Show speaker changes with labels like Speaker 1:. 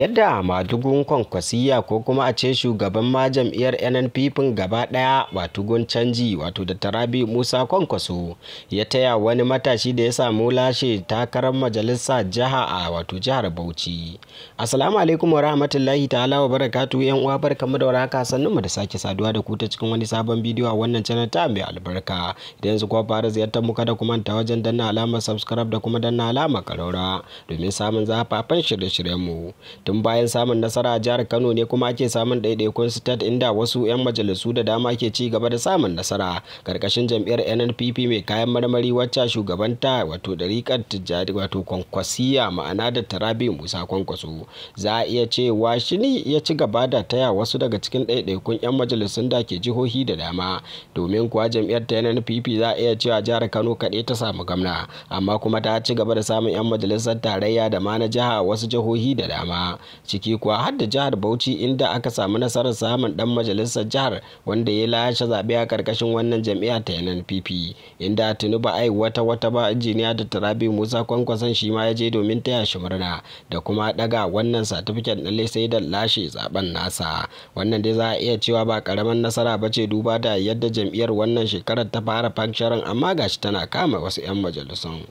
Speaker 1: yadda madugun kwankwasiya ko kuma a ce shugaban ma jam'iyyar nnpp gaba daya wato canji wato da tarabi musa kwankwaso ya taya wani matashi da ya samu lashe takarar majalisa jiha a wato jihar bauchi assalamu alaikum wa rahmatullahi ta'ala wa barakatu yan uwa barkamu da waraka sannu mu da sake saduwa da ku ta cikin wani sabon bidiyo a wannan channel ta mai albarka idan yanzu kuma fara ziyartar muka da ku manta wajen danna alamar subscribe da kuma danna alamar karaura domin samun zafafan shirye-shiryen mu tun bayan samun nasara a jihar kano ne kuma ake samun ɗaiɗaikun state inda wasu 'yan majalisu da dama ke ci gaba da samun nasara karkashin jam'iyyar nnpp mai kayan marmari wacce shugabanta wato dariƙar tijjani wato kwankwasiya ma'ana da tarabi musa kwankwaso za a iya cewa ne ya ci gaba da taya wasu daga cikin ɗaiɗaikun 'yan majalisun da ke jihohi da dama domin kuwa jam'iyyar ta nnpp za a iya cewa jihar kano kaɗai ta samu gwamna amma kuma ta ci gaba da samun 'yan majalisar tarayya da ma na jiha wasu jihohi da dama ciki kuwa har da jihar Bauchi inda aka samu nasarar samun dan majalisar jihar wanda ya lashe zaɓe a karkashin wannan jam'iyya ta NNPP inda tuni ai wata wata ba injiniya da Tarabi Musa Kwankwason shi ma ya je domin taya shi murna da kuma daga wannan satifiket na sai da lashe zaben nasa wannan dai za a iya cewa ba karamin nasara ba ce duba da yadda jam'iyyar wannan shekarar ta fara fansharan amma gashi tana kama wasu 'yan majalisun.